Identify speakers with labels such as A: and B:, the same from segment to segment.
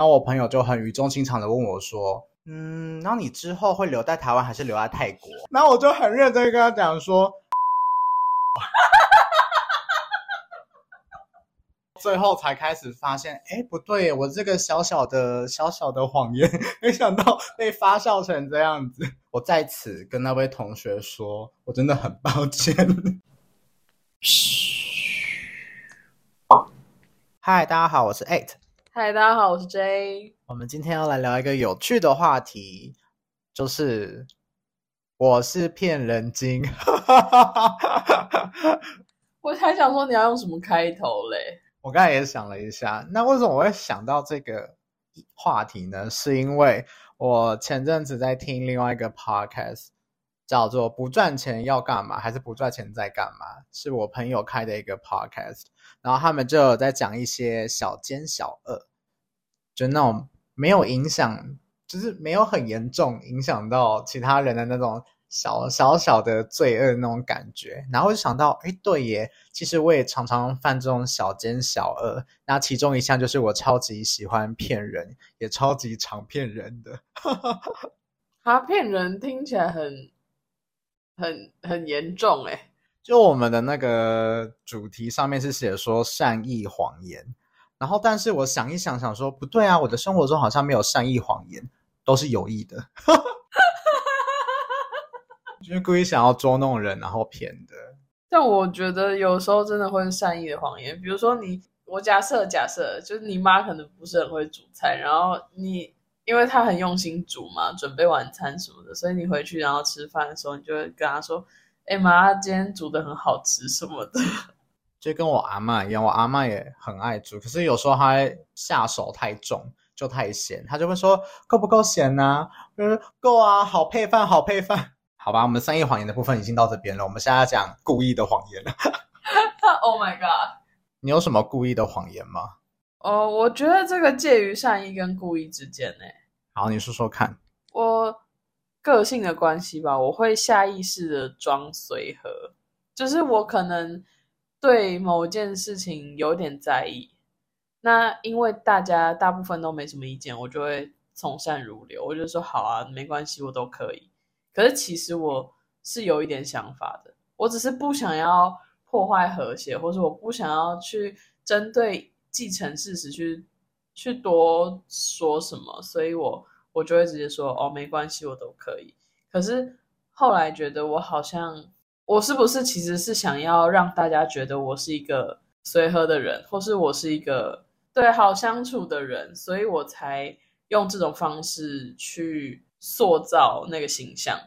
A: 那我朋友就很語重心長的問我，說：“嗯，那你之後會留在台灣還是留在泰國？”那我就很認真跟他講說， 最後才開始發現，哎，不對，我這個小小的小小的謊言，沒想到被發酵成這樣子。我在此跟那位同學說，我真的很抱歉。噓，嗨，大家好，我是 Eight。
B: 嗨，大家好，我是 J。
A: 我們今天要來聊一個有趣的話題，就是我是騙人精。
B: 我還想說你要用什麼開頭嘞？
A: 我剛才也想了一下，那為什麼我會想到這個話題呢？是因為我前陣子在聽另外一個 podcast，叫做“不賺錢要幹嘛”還是“不賺錢在幹嘛”？是我朋友開的一個 podcast。然後他們就有在講一些小奸小惡，就那種沒有影響，就是沒有很嚴重影響到其他人的那種小小小的罪惡那種感覺。然後就想到，哎，對耶，其實我也常常犯這種小奸小惡。那其中一項就是我超級喜歡騙人，也超級常騙人的。哈、 啊，
B: 騙人聽起來很、很、很嚴重誒。
A: 就我們的那個主題上面是寫說善意謊言，然後但是我想一想，想說不對啊，我的生活中好像沒有善意謊言，都是有意的， 就是故意想要捉弄人然後騙的。
B: 但我覺得有時候真的會善意的謊言，比如說你，我假設假設，就是你媽可能不是很會煮菜，然後你因為她很用心煮嘛，準備晚餐什麼的，所以你回去然後吃飯的時候，你就會跟她說。哎、欸、媽，今天煮得很好吃什
A: 麼的，就跟我阿媽一樣，我阿媽也很愛煮，可是有時候她下手太重，就太鹹，她就會說，夠不夠鹹呢、啊？我、嗯、說夠啊，好配飯，好配飯。好吧，我們善意謊言的部分已經到這邊了，我們現在要講故意的謊言
B: 了。 oh my god！
A: 你有什麼故意的謊言嗎？
B: 哦、oh，我覺得這個介於善意跟故意之間誒。
A: 好，你說說看。
B: 我。個性的關係吧，我會下意識的裝隨和，就是我可能對某件事情有點在意，那因為大家大部分都沒什麼意見，我就會從善如流，我就說好啊，沒關係，我都可以。可是其實我是有一點想法的，我只是不想要破壞和諧，或者我不想要去針對既成事實去去多說什麼，所以我。我就會直接說哦，沒關係，我都可以。可是後來覺得，我好像我是不是其實是想要讓大家覺得我是一個隨和的人，或是我是一個對好相處的人，所以我才用這種方式去塑造那個形象。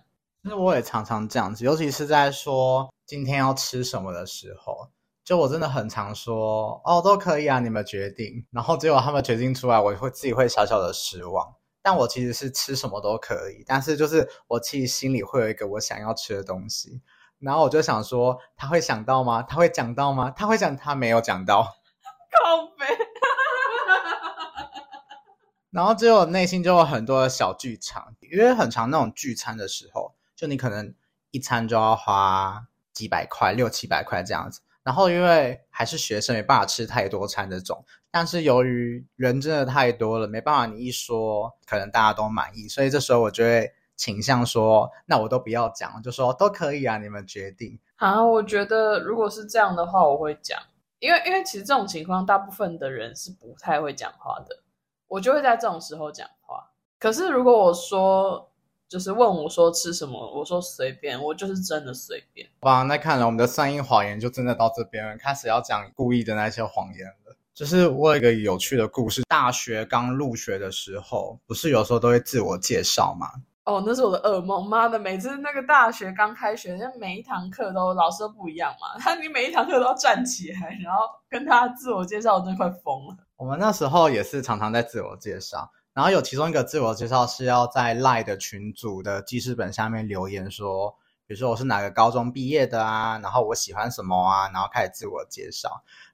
A: 其實我也常常這樣子，尤其是在說今天要吃什麼的時候，就我真的很常說哦，都可以啊，你們決定。然後最後他們決定出來，我會自己會小小的失望。但我其實是吃什麼都可以，但是就是我其實心裡會有一個我想要吃的東西，然後我就想說他會想到嗎？他會講到嗎？他會講，他沒有講到，靠北。 然後就我內心就有很多的小劇場，因為很常那種聚餐的時候，就你可能一餐就要花幾百塊、六七百塊這樣子。然後因為還是學生，沒辦法吃太多餐這種。但是由於人真的太多了，沒辦法，你一說可能大家都滿意，所以這時候我就會傾向說，那我都不要講，就說都可以啊，你們決定。
B: 好，啊，我覺得如果是這樣的話，我會講，因為因為其實這種情況，大部分的人是不太會講話的，我就會在這種時候講話。可是如果我說，就是問我說吃什麼，我說隨便，我就是真的隨便。
A: 哇，那看來我們的善意謊言就真的到這邊，開始要講故意的那些謊言了。就是我有一個有趣的故事，大學剛入學的時候，不是有時候都會自我介紹嗎？哦，那是我的
B: 噩夢，媽的！每次那個大學剛開學，就每一堂課都老師都不一樣嘛，他你每一堂課都要站起來，然後跟他自我介紹，真快瘋了。
A: 我們那時候也是常常在自我介紹。然後有其中一個自我介紹是要在 Line 的群組的記事本下面留言說，比如說我是哪個高中畢業的啊，然後我喜歡什麼啊，然後開始自我介紹。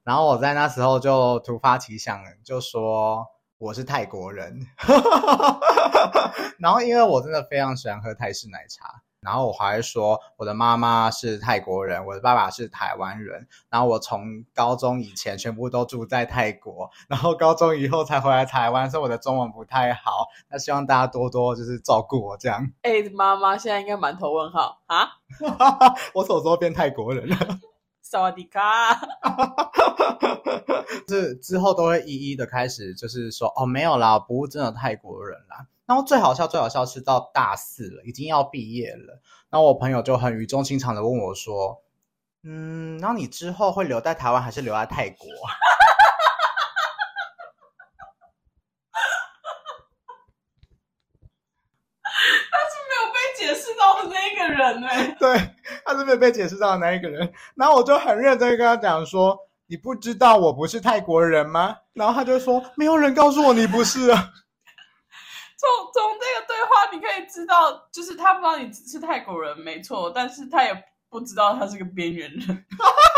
A: 然後我在那時候就突發奇想，就說我是泰國人， 然後因為我真的非常喜歡喝泰式奶茶。然後我還說，我的媽媽是泰國人，我的爸爸是台灣人。然後我從高中以前全部都住在泰國，然後高中以後才回來台灣，所以我的中文不太好。那希望大家多多就是照顧我這樣。
B: 哎、欸，媽媽現在應該滿頭問號啊！
A: 我什麼時候變泰國人了？ 薩瓦迪卡？是之後都會一一的開始，就是說哦，沒有啦，不務正的泰國人啦。然後最好笑，最好笑是到大四了，已經要畢業了。那我朋友就很語重心長的問我說：“嗯，那你之後會留在台灣，還是留在泰國？”
B: 但是沒有被解釋到的那一個
A: 人呢、欸。 」對。他是沒有被解釋到的那一個人，然後我就很認真跟他講說：“你不知道我不是泰國人嗎？”然後他就說：“沒有人告訴我你不是啊。”
B: 從從這個對話你可以知道，就是他不知道你是泰國人，沒錯，但是他也不知道他是個邊緣人。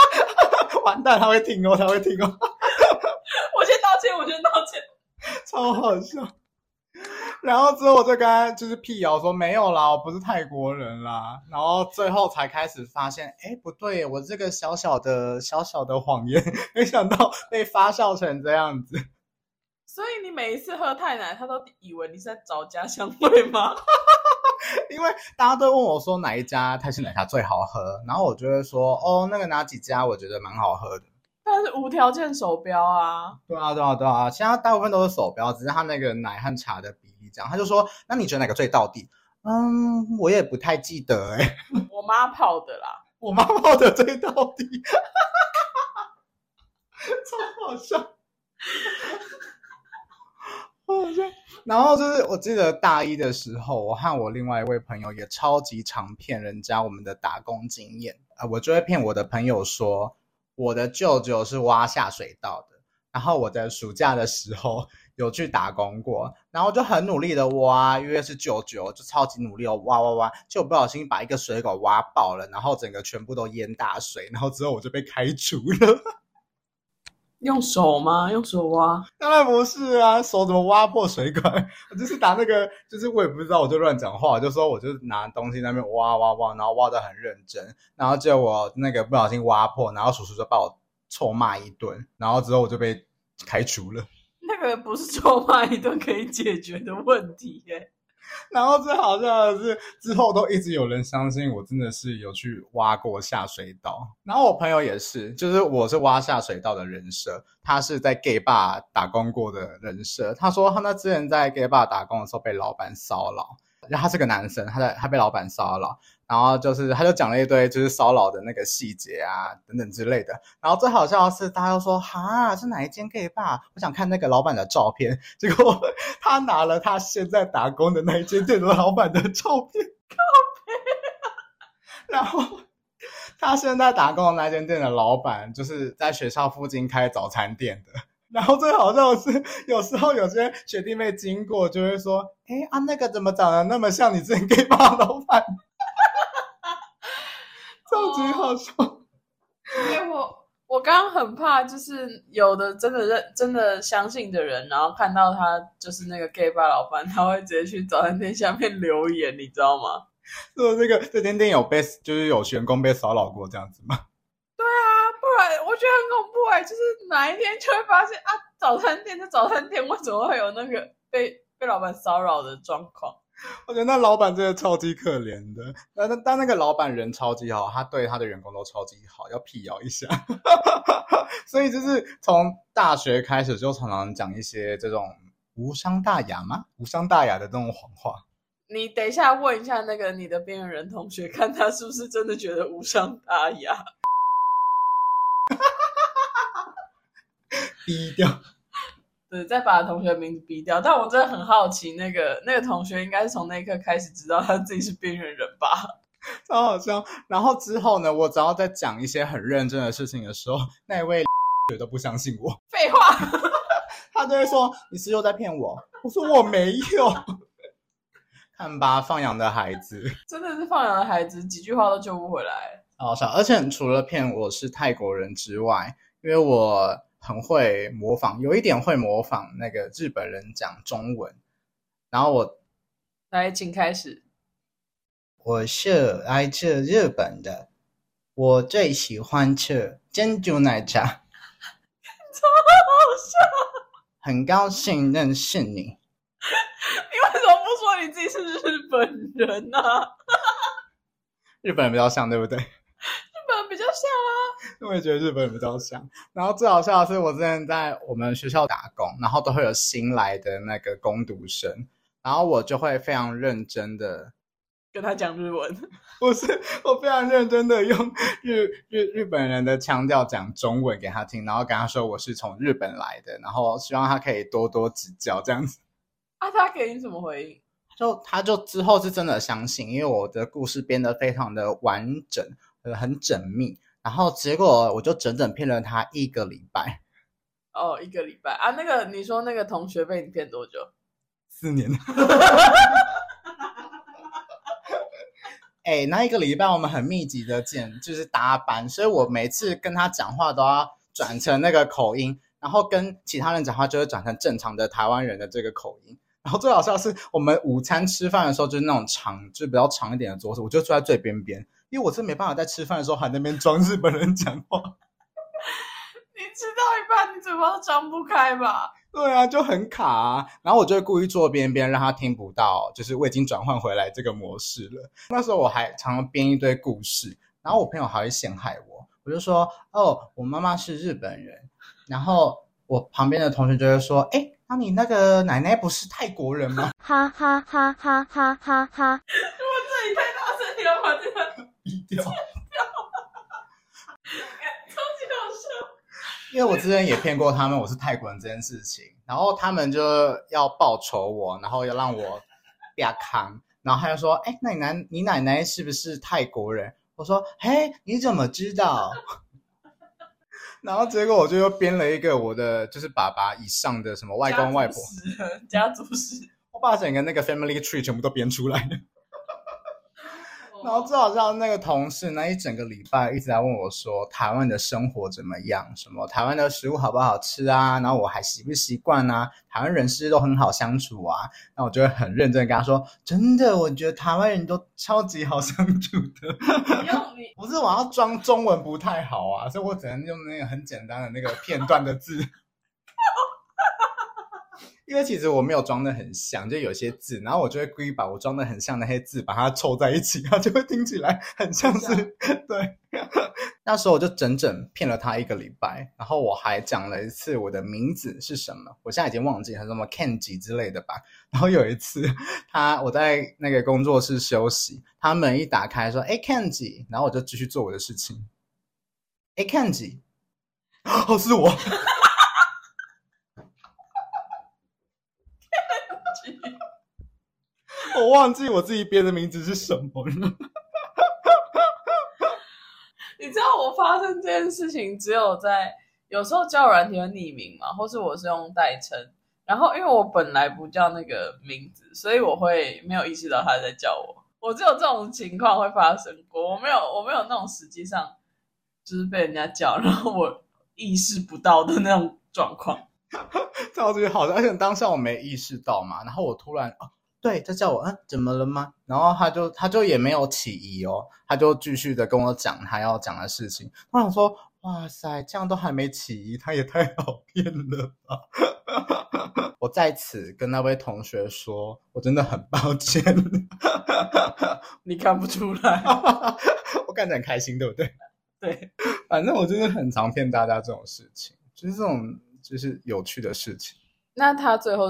A: 完蛋，他會聽哦、喔，他會聽哦、喔。
B: 我先道歉，我先道歉。
A: 超好笑。然後之後，我就跟他就是闢謠說沒有啦，我不是泰國人啦。然後最後才開始發現，哎，不對，我這個小小的小小的謊言，沒想到被發酵成這樣子。所
B: 以你每一次喝泰奶，他都以為你是在找家鄉味嗎？
A: 因為大家都問我說哪一家泰式奶茶最好喝，然後我就會說哦，那個哪幾家我覺得蠻好喝的。
B: 但是無條件手標啊。
A: 對啊，對啊，對啊。對啊，其他大部分都是手標，只是他那個奶和茶的比他就說：“那你覺得哪個最到底？”嗯，我也不太記得、欸、
B: 我媽泡的啦，
A: 我媽泡的最到底，
B: 超好笑。 好，
A: 好笑。然後就是，我記得大一的時候，我和我另外一位朋友也超級常騙人家我們的打工經驗啊、呃，我就會騙我的朋友說，我的舅舅是挖下水道的，然後我在暑假的時候。有去打工過，然後就很努力的挖，因為是舅舅，就超級努力的挖挖挖，結果不小心把一個水管挖爆了，然後整個全部都淹大水，然後之後我就被開除了。用手嗎？用手挖？當然不是啊，手怎麼挖破水管？我就是打那個，就是我也不知道，我就亂講話，就說我就拿東西在那邊挖挖挖，然後挖的很認真，然後結果我那個不小心挖破，然後叔叔就把我臭罵一頓，然後之後我就被開除了。
B: 不是臭罵一頓可以解決的問題
A: 耶。然後最好笑的是，之後都一直有人相信我真的是有去挖過下水道。然後我朋友也是，就是我是挖下水道的人設，他是在 gay bar 打工過的人設。他說他那之前在 gay bar 打工的時候被老闆騷擾，然後他是個男生，他在他被老闆騷擾。然後就是，他就講了一堆，就是騷擾的那個細節啊，等等之類的。然後最好笑的是，大家都說哈，是哪一間 gay bar？我想看那個老板的照片。結果他拿了他現在打工的那一間店的老板的照片，然後他現在打工的那間店的老板，就是在學校附近開早餐店的。然後最好笑的是，有時候有些學弟妹經過，就會說，哎啊，那個怎麼長得那麼像你之前 gay bar 老板？超級好笑，哦！因
B: 為我我剛剛很怕，就是有的真的認真的相信的人，然後看到他就是那個 gay 吧老闆，他會直接去早餐店下面留言，你知道嗎？
A: 說這個這間店有被，就是有員工被騷擾過這樣子嗎？
B: 對啊，不然我覺得很恐怖哎、欸，就是哪一天就會發現啊，早餐店的早餐店，我怎麼會有那個被被老闆騷擾的狀況？
A: 我覺得那老闆真的超級可憐的，但但那個老闆人超級好，他對他的員工都超級好，要闢謠一下。 所以就是從大學開始就常常講一些這種無傷大雅嗎？無傷大雅的這種謊話。
B: 你等一下問一下那個你的邊緣人同學，看他是不是真的覺得無傷大雅。 低調。對，再把同學名字嗶掉，但我真的很好奇，那個那個同學應該是從那一刻開始知道他自己是邊緣人吧？
A: 超好笑。然後之後呢，我只要在講一些很認真的事情的時候，那一位誰都不相信我。廢話， 他就會說你是又在騙我。我說我沒有。 看吧，放羊的孩子
B: 真的是放羊的孩子，幾句話都救不回來。
A: 好笑，而且除了騙我是泰國人之外，因為我。很會模仿，有一點會模仿那個日本人講中文。然後我
B: 來，請開始。
A: 我是來自日本的，我最喜歡吃珍珠奶茶。
B: 超好笑！
A: 很高興認識你。
B: 你為什麼不說你自己是日本人呢？
A: 日本人比較像，對不對？
B: 比較像
A: 啊！我也覺得日本人比較像。然後最好笑的是，我之前在我們學校打工，然後都會有新來的那個工讀生，然後我就會非常認真的跟他講日文，不是，我非常認真的用日日日本人的腔調講中文給他聽，然後跟他說我是從日本來的，然後希望他可以多多指教這樣子。
B: 啊，他給你什麼回
A: 應？就他就之後是真的相信，因為我的故事編得非常的完整。呃，很縝密，然後結果我就整整騙了他一個禮拜。
B: 哦，一個禮拜啊！那個你說那個同學被你騙多久？
A: 四年。哎、 欸，那一個禮拜我們很密集的見，就是搭班，所以我每次跟他講話都要轉成那個口音，然後跟其他人講話就會轉成正常的台灣人的這個口音。然後最好笑是，我們午餐吃飯的時候就是那種長，就是比較長一點的桌子，我就坐在最邊邊。因為我是沒辦法在吃飯的時候還在那邊裝日本人講話
B: 你吃到一半，你嘴巴都張不開吧？
A: 對啊，就很卡啊。然後我就故意坐邊邊，讓他聽不到，就是我已經轉換回來這個模式了。那時候我還常編一堆故事，然後我朋友還會陷害我，我就說：“哦，我媽媽是日本人。”然後我旁邊的同學就會說：“哎、欸，那你那個奶奶不是泰國人嗎？”
B: 哈哈哈哈哈哈哈。哈
A: 哈，超級搞笑。因為我之前也騙過他們我是泰國人這件事情，然後他們就要報仇我，然後要讓我壓扛，然後他就說：“哎、欸，奶奶，你奶奶是不是泰國人？”我說：“哎、欸，你怎麼知道？”然後結果我就又編了一個我的，就是爸爸以上的什麼外公外婆，家族史。我把整個那個 family tree 全部都編出來了。然後就好像那個同事，那一整個禮拜一直在問我說，說台灣的生活怎麼樣？什麼台灣的食物好不好吃啊？然後我還習不習慣啊，台灣人是不是都很好相處啊？那我就會很認真跟他說，真的，我覺得台灣人都超級好相處的。 不是我要裝中文不太好啊，所以我只能用那個很簡單的那個片段的字。 因為其實我沒有裝的很像，就有些字，然後我就會故意把我裝的很像的那些字，把它湊在一起，它就會聽起來很像是像 對。 那時候我就整整騙了他一個禮拜，然後我還講了一次我的名字是什麼，我現在已經忘記，說什麼 Kenji 之類的吧。然後有一次，他我在那個工作室休息，他門一打開說：“誒，Kenji！” 然後我就繼續做我的事情。誒，Kenji！哦，是我。 我忘記我自己編的名字是什麼了
B: 你知道我發生這件事情只有在有時候叫軟體的匿名嘛，或是我是用代稱。然後因為我本來不叫那個名字，所以我會沒有意識到他在叫我。我只有這種情況會發生過，我沒有我沒有那種實際上就是被人家叫，
A: 然後我意識不到的那種狀況。這我覺得好像，而且當下我沒意識到嘛，然後我突然。啊對，他叫我嗯、啊、怎麼了嗎？然後他就他就也沒有起疑哦，他就繼續的跟我講他要講的事情。他想說，哇塞，這樣都還沒起疑，他也太好騙了吧！ 我在此跟那位同學說，我真的很抱歉。 你看不出來， 我幹得很開心，對不對？對，反正我真的很常騙大家這種事情，就是這種就是有趣的事情。那他最後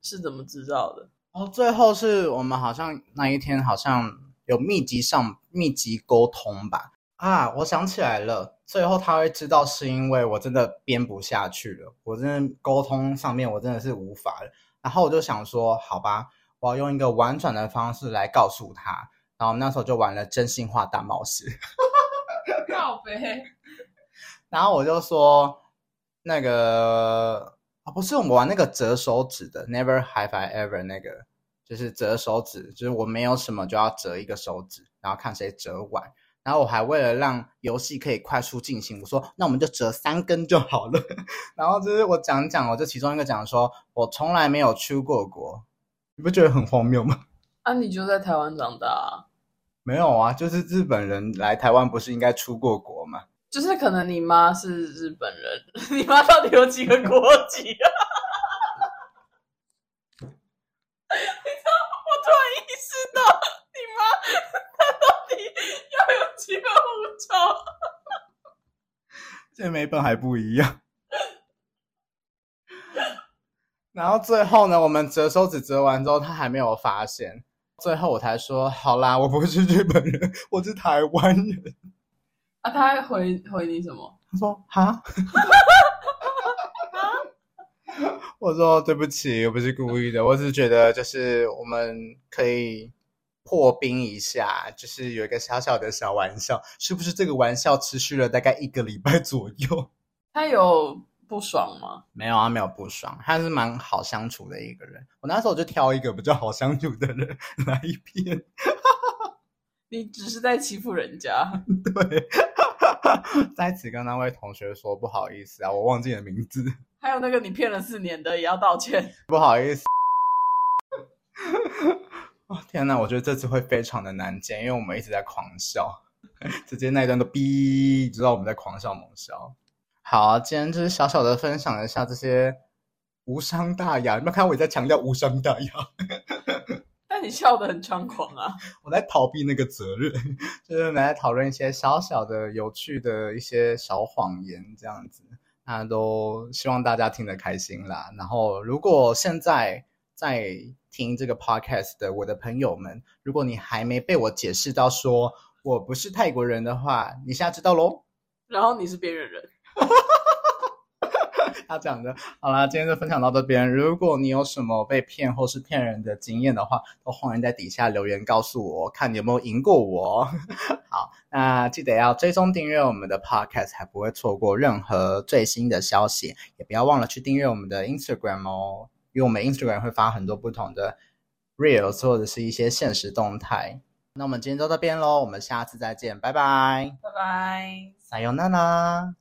A: 是怎麼知道的？哦，最後是我們好像那一天好像有密集上密集溝通吧？啊，我想起來了，最後他會知道是因為我真的編不下去了，我真的溝通上面我真的是無法了。然後我就想說，好吧，我要用一個婉轉的方式來告訴他。然後那時候就玩了真心話大冒險，
B: 告別
A: 然後我就說那個。啊，不是，我們玩那個折手指的，Never Have I Ever 那個，就是折手指，就是我沒有什麼就要折一個手指，然後看誰折完。然後我還為了讓遊戲可以快速進行，我說那我們就折三根就好了。然後就是我講講，我就其中一個講說，我從來沒有出過國，你不覺得很荒謬嗎？
B: 啊，你就在台灣長大啊？
A: 沒有啊，就是日本人來台灣，不是應該出過國嗎？
B: 就是可能你媽是日本人，
A: 你媽到底有幾個國
B: 籍啊？ 你說，我突然意識到，你媽她到底要有幾個護照？
A: 這每本還不一樣。 然後最後呢，我們折手指折完之後，他還沒有發現。最後我才說，好啦，我不是日本人，我是台灣人。
B: 啊、他回回你什麼？他說：“哈，
A: 我說對不起，我不是故意的，嗯，我只是覺得就是我們可以破冰一下，就是有一個小小的小玩笑，是不是？這個玩笑持續了大概一個禮拜左右。
B: 他有不爽嗎？
A: 沒有啊，他沒有不爽，他是蠻好相處的一個人。我那時候就挑一個比較好相處的人來騙
B: 你只是在欺負人家，
A: 對。 在此跟那位同學說不好意思啊，我忘記了名字。
B: 還有那個你騙了四年的也要道歉，
A: 不好意思、 哦。天哪，我覺得這次會非常的難剪，因為我們一直在狂笑，直接那一段都逼直到我們在狂笑猛笑。好、啊，今天就是小小的分享一下這些無傷大雅，你們看我也在強調無傷大雅。
B: 你笑得很猖狂
A: 啊！我在逃避那個責任，就是來討論一些小小的、有趣的一些小謊言這樣子。那都希望大家聽得開心啦。然後，如果現在在聽這個 podcast 的我的朋友們，如果你還沒被我解釋到說我不是泰國人的話，你現在知道嘍。
B: 然後你是邊緣人。
A: 他講的好啦，今天就分享到這邊。如果你有什麼被騙或是騙人的經驗的話，都歡迎在底下留言告訴我，看你有沒有贏過我。 好，那記得要追蹤訂閱我們的 Podcast，才不會錯過任何最新的消息。也不要忘了去訂閱我們的 Instagram 哦，因為我們 Instagram 會發很多不同的 Reels 或者是一些限時動態。那我們今天就到這邊嘍，我們下次再見，拜拜，拜拜，撒油，娜娜。